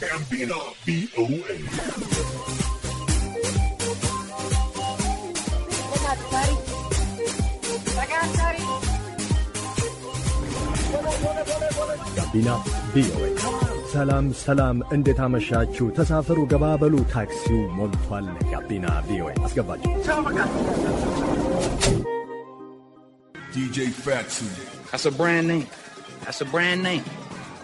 ጋቢና ቪኦኤ ጋቢና ቪኦኤ። ሰላም ሰላም፣ እንዴት አመሻችሁ? ተሳፈሩ፣ ገባበሉ፣ ታክሲው ሞልቷል። ጋቢና ቪኦኤ አስገባችሁ። ዲጄ ፋትሱ That's ብራንድ ኔም name. ብራንድ ኔም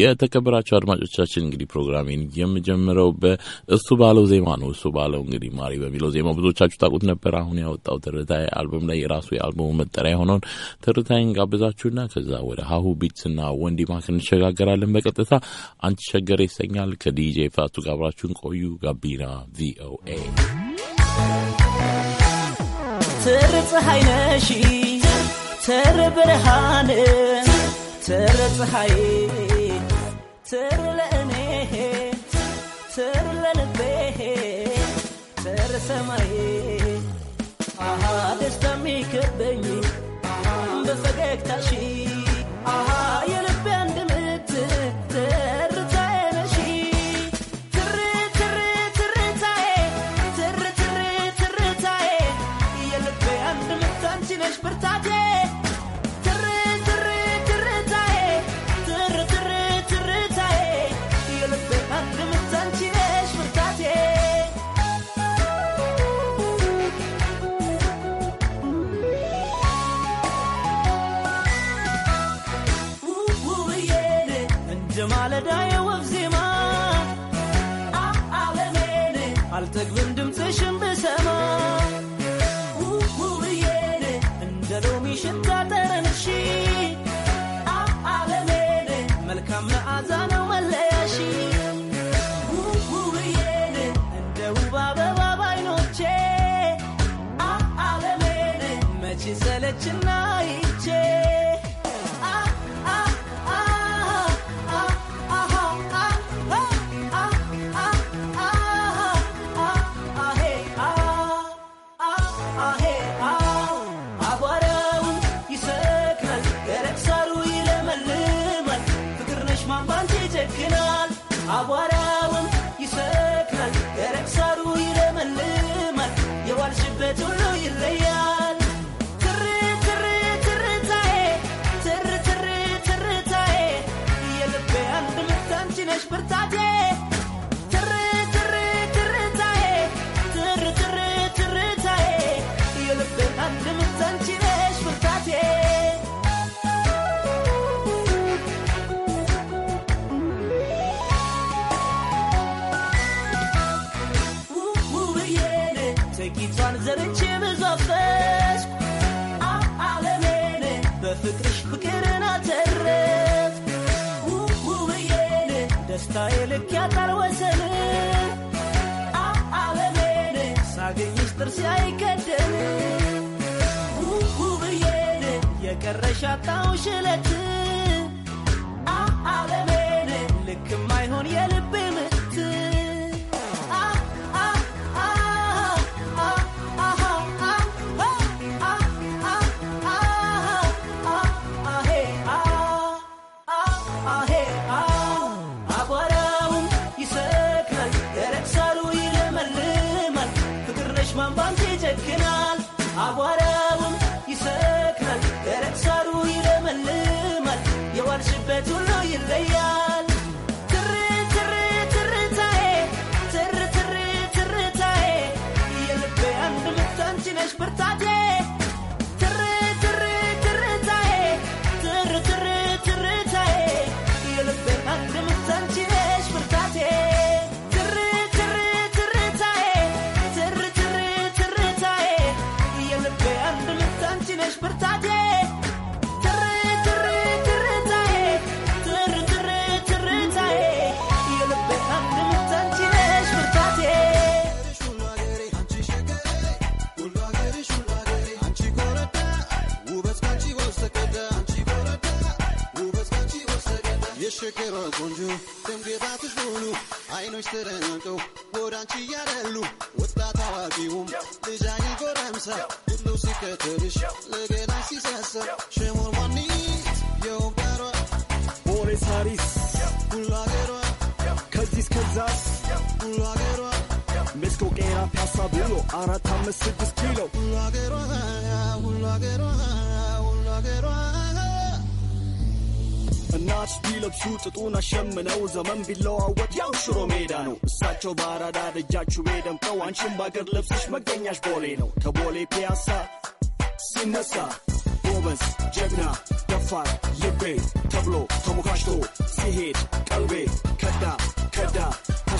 የተከበራቸው አድማጮቻችን እንግዲህ ፕሮግራሜን የምጀምረው በእሱ ባለው ዜማ ነው። እሱ ባለው እንግዲህ ማሪ በሚለው ዜማ ብዙዎቻችሁ ታውቁት ነበር። አሁን ያወጣው ትርታይ አልበም ላይ የራሱ የአልበሙ መጠሪያ የሆነውን ትርታይን ጋብዛችሁና ከዛ ወደ ሀሁ ቢትስ ወንዲ ማክ እንሸጋገራለን። በቀጥታ አንቺ ቸገር ይሰኛል። ከዲጄ ፋቱ ጋር አብራችሁን ቆዩ። ጋቢና ቪኦኤ ትር ፀሐይ ነሽ ትር ብርሃን ትር ፀሓይ ትር ለእኔ ትር ለልቤ ትር ሰማይ ደስታ ሚከበኝ በፈገግታሽ ልክያታል ወሰን አለሜን ሳገኝሽ ጥርሴ አይከደን ጉጉብዬን የቀረሽ አጣሁሽ ያለበት ሁሉ ይለያል። ቆንጆ ትንቤታትሽ ሙሉ አይኖች ተደንቀው ወዳንቺ እያደሉ ወጣት አዋቂውም ልጃይ ጎረምሳ ሁሉ ሲከተልሽ ለገናሽ ሲሳሰብ ሸሞርማኒት የውበሯ ቦሌስ ሃሪስ ሁሉ አገሯ ከዚህ እስከዛስ ሁሉ አገሯ ሜስኮ ቄራ ፒያሳ ብሎ አራት አምስት ስድስት ኪሎ ሁሉ አገሯ ሁሉ አገሯ ሁሉ አገሯ እናት ቢለብሱ ጥጡን አሸምነው ዘመን ቢለዋወጥ ያው ሽሮ ሜዳ ነው። እሳቸው ባራዳ ደጃችሁ ቤ ደምቀው አንቺም በአገር ለብሰሽ መገኛሽ ቦሌ ነው። ከቦሌ ፒያሳ ሲነሳ ጎበዝ፣ ጀግና፣ ደፋር ልቤ ተብሎ ተሞካሽቶ ሲሄድ ቀልቤ ከዳ ከዳ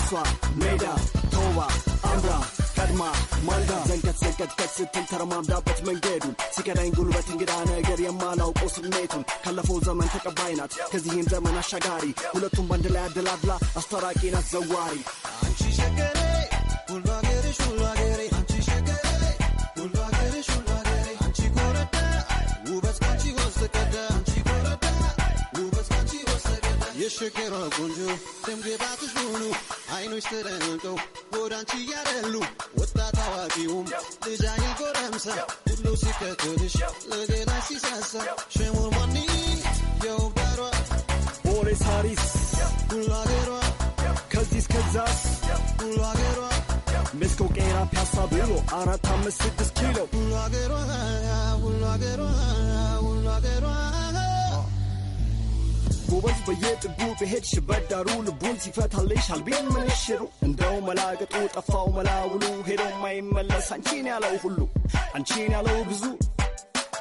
እሷ ሜዳ ተውባ አምራ ቀድማ ማልዳ ዘንቀት ዘንቀጥቀጥ ስትል ተረማምዳበት መንገዱን ሲከዳኝ ጉልበት እንግዳ ነገር የማላውቀው ስሜቱን ካለፈው ዘመን ተቀባይ ናት ከዚህም ዘመን አሻጋሪ ሁለቱም በአንድ ላይ አደላድላ አስታራቂ ናት ዘዋሪ አንቺ ሸገሬ ሁሉ ሀገርሽ ሁሉ ሀገር ሽግሯ ቆንጆ ደምግባትሽ ሙሉ አይኖች ተደንቀው ወዳንቺ እያደሉ ወጣት አዋቂውም ልጃይ ጎረምሳ ሁሉ ሲከተልሽ ለገላ ሲሳሳ ሸሞርማኒ የውዳሯ ቦሌ ሳሪስ ሁሉ አገሯ ከዚህ እስከዛስ ሁሉ አገሯ ሜስኮ ቄራ ፒያሳ ብሎ አራት አምስት ስድስት ኪሎ ሁሉ አገሯ ሁሉ አገሯ ሁሉ አገሯ ጎበዝ በየጥጉ ብሄድ ሽበት ልቡን ሲፈታልሽ አልቤን ምንሽሩ እንደው መላገጡ ጠፋው መላውሉ ሄዶ ማይመለስ አንቺን ያለው ሁሉ አንቺን ያለው ብዙ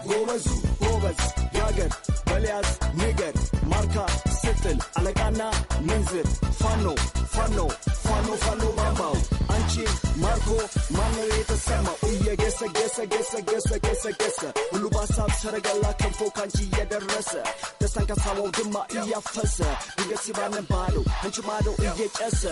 ጎበዙ ጎበዝ ያገር በልያዝ ንገር ማርካ ስትል አለቃና ምንዝር ፋኖ ፋኖ ፋኖ ፋኖ ባምባው አንቺን ማርኮ ማነው የተሰማው እየገሰ ገሰ ገሰ ገሰ ገሰ ገሰ ሁሉ በሀሳብ ሰረገላ ከንፎ ካንቺ እየደረሰ ሳይገሳው ድማ እያፈሰ ድንገት ሲባንን ባዶ ምንጭ ማዶ እየጨሰ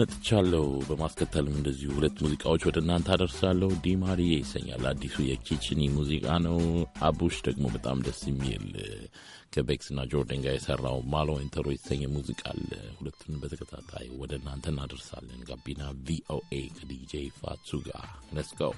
መጥቻለሁ። በማስከተልም እንደዚሁ ሁለት ሙዚቃዎች ወደ እናንተ አደርሳለሁ። ዲማሪ ይሰኛል አዲሱ የኪችኒ ሙዚቃ ነው። አቡሽ ደግሞ በጣም ደስ የሚል ከቤክስና ጆርደን ጋር የሰራው ማሎ ኢንተሮ የተሰኘ ሙዚቃ አለ። ሁለቱን በተከታታይ ወደ እናንተ እናደርሳለን። ጋቢና ቪኦኤ ከዲጄ ፋቱ ጋር ነስቀው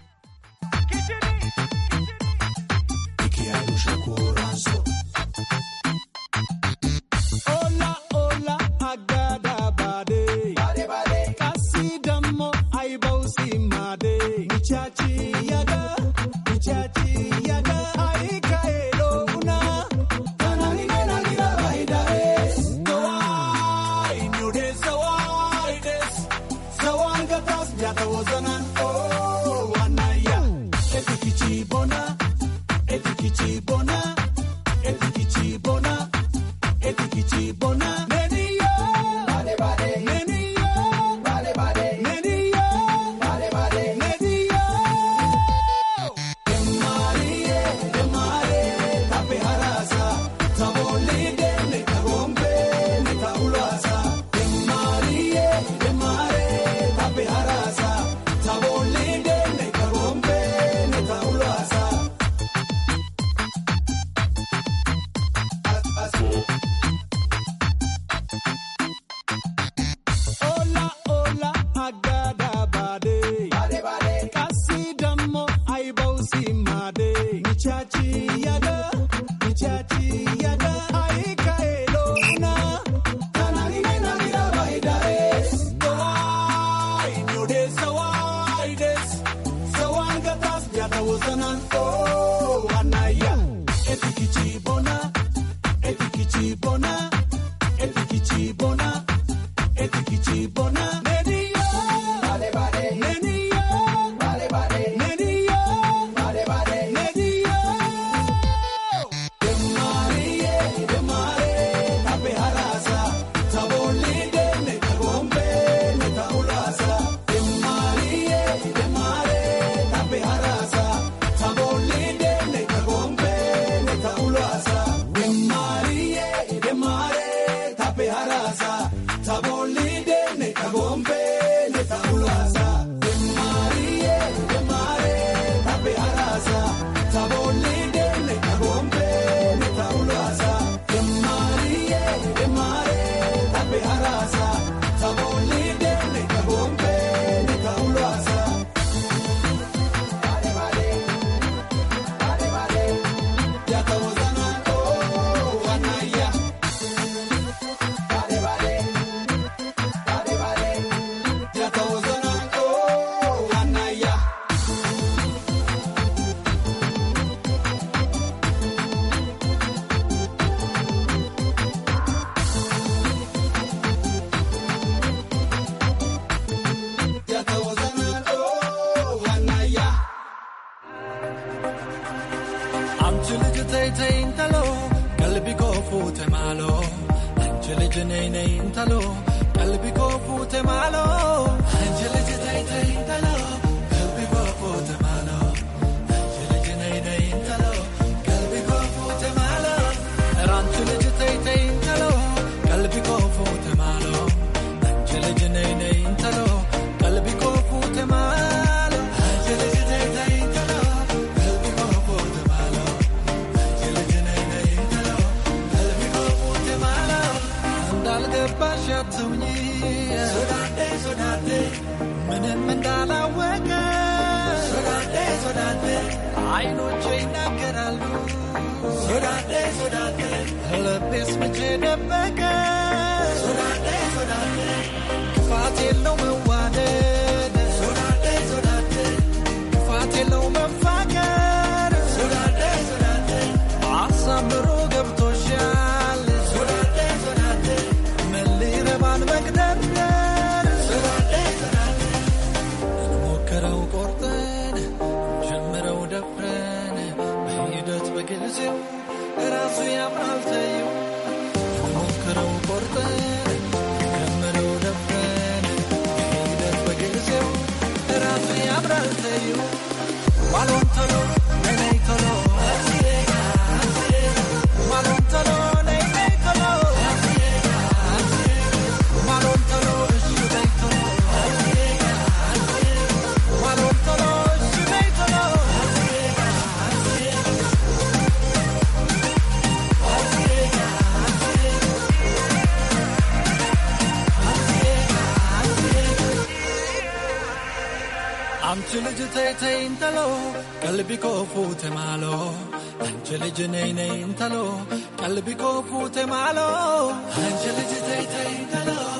አይኖቹ ይናገራሉ። ሶዳቴ ሶዳቴ ልቤስ መቼ ደበቀ intalo qalbi ko fute malo anjeli jene ne intalo qalbi ko fute malo anjeli jete intalo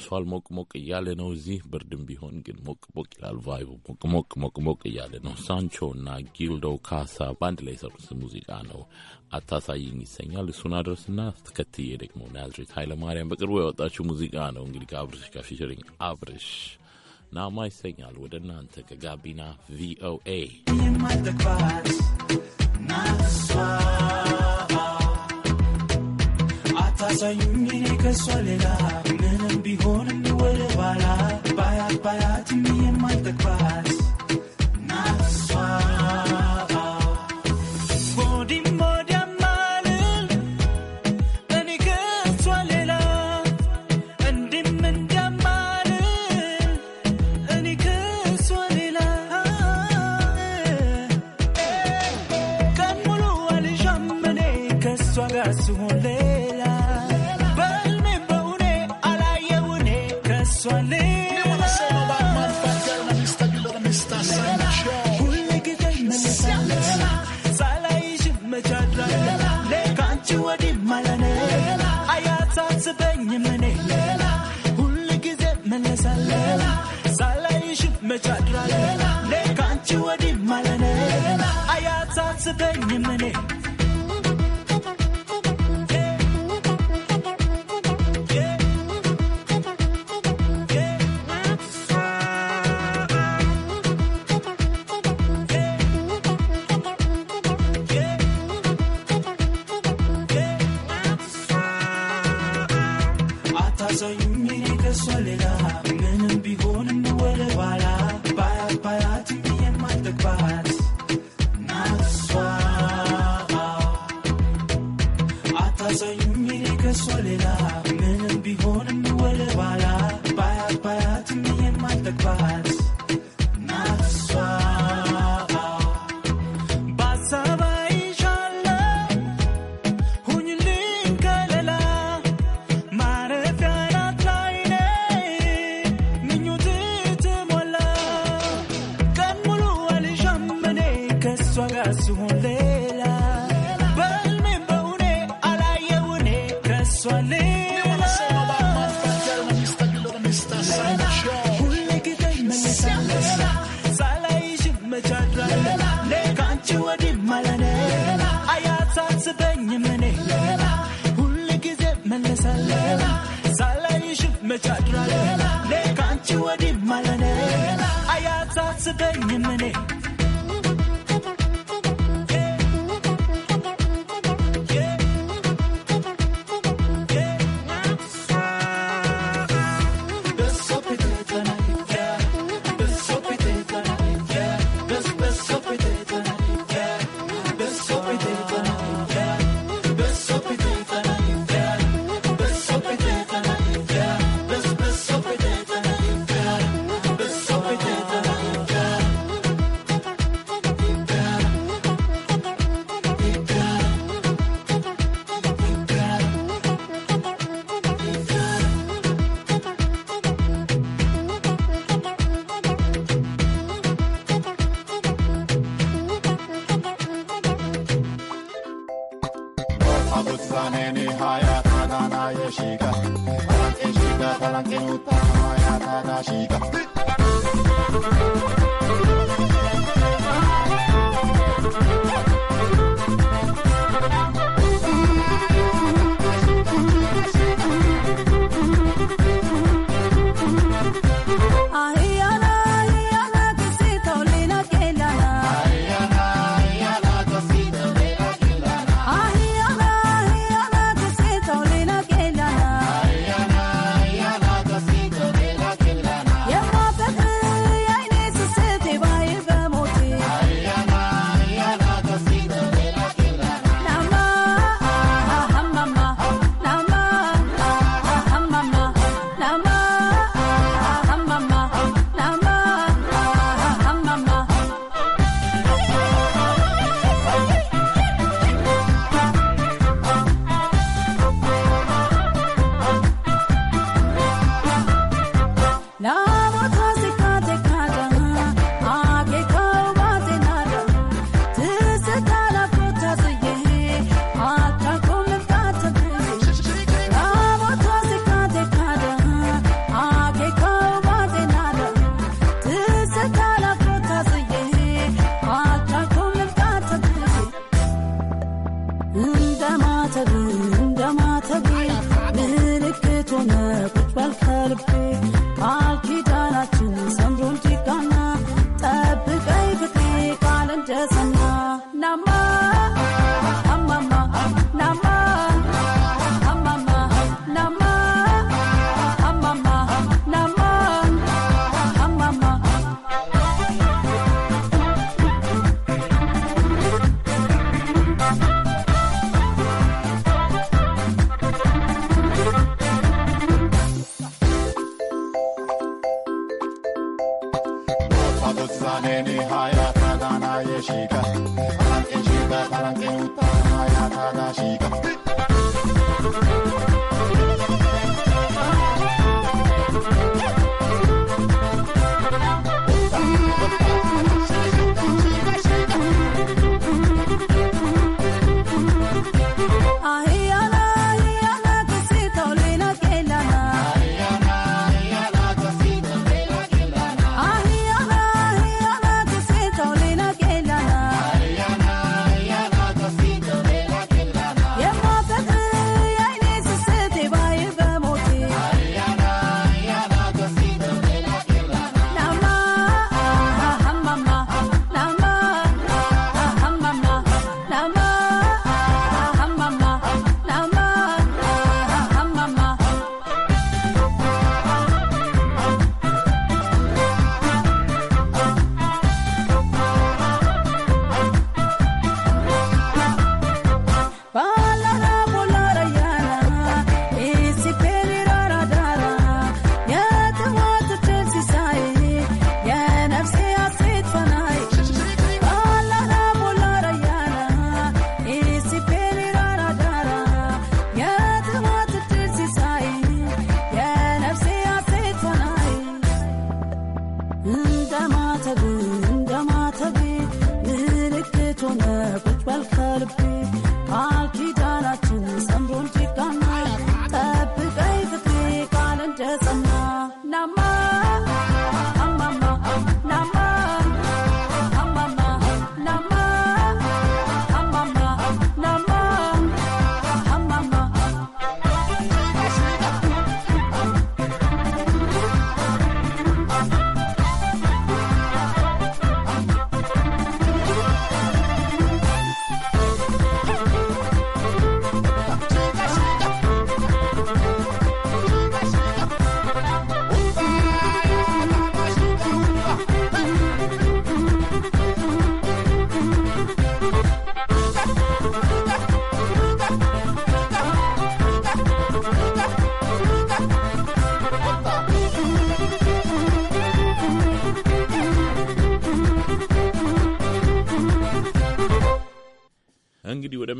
ለብሷል። ሞቅ ሞቅ እያለ ነው። እዚህ ብርድም ቢሆን ግን ሞቅ ሞቅ ይላል። ቫይቡ ሞቅ ሞቅ ሞቅ ሞቅ እያለ ነው። ሳንቾ እና ጊልዶ ካሳ በአንድ ላይ የሰሩት ሙዚቃ ነው። አታሳይኝ ይሰኛል። እሱን አድረስና ተከትዬ ደግሞ ናዝሬት ኃይለማርያም በቅርቡ ያወጣችው ሙዚቃ ነው። እንግዲህ ከአብርሽ ጋር ፊቸሪንግ አብርሽ ናማ ይሰኛል። ወደ እናንተ ከጋቢና ቪኦኤ አታሳዩኝ ከሷ ሌላ ሆንም ወደ ኋላ ባያት ባያት የማልጠግባት 부산에니하야타다나의시간파란게시가파란게웃다나야타다시간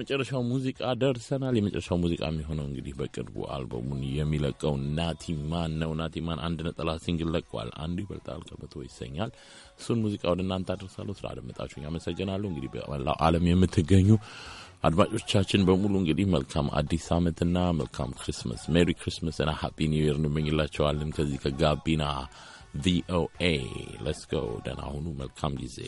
የመጨረሻው ሙዚቃ ደርሰናል። የመጨረሻው ሙዚቃ የሚሆነው እንግዲህ በቅርቡ አልበሙን የሚለቀው ናቲማን ነው። ናቲማን አንድ ነጠላ ሲንግል ለቋል። አንዱ ይበልጣል ከመቶ ይሰኛል። እሱን ሙዚቃ ወደ እናንተ አደርሳለሁ። ስራ አደመጣችሁኝ አመሰግናለሁ። እንግዲህ በመላው ዓለም የምትገኙ አድማጮቻችን በሙሉ እንግዲህ መልካም አዲስ ዓመትና መልካም ክሪስመስ ሜሪ ና ሀፒ ኒው ይር እንመኝላቸዋለን። ከዚህ ከጋቢና ቪኦኤ ለስጎ ደህና ሁኑ። መልካም ጊዜ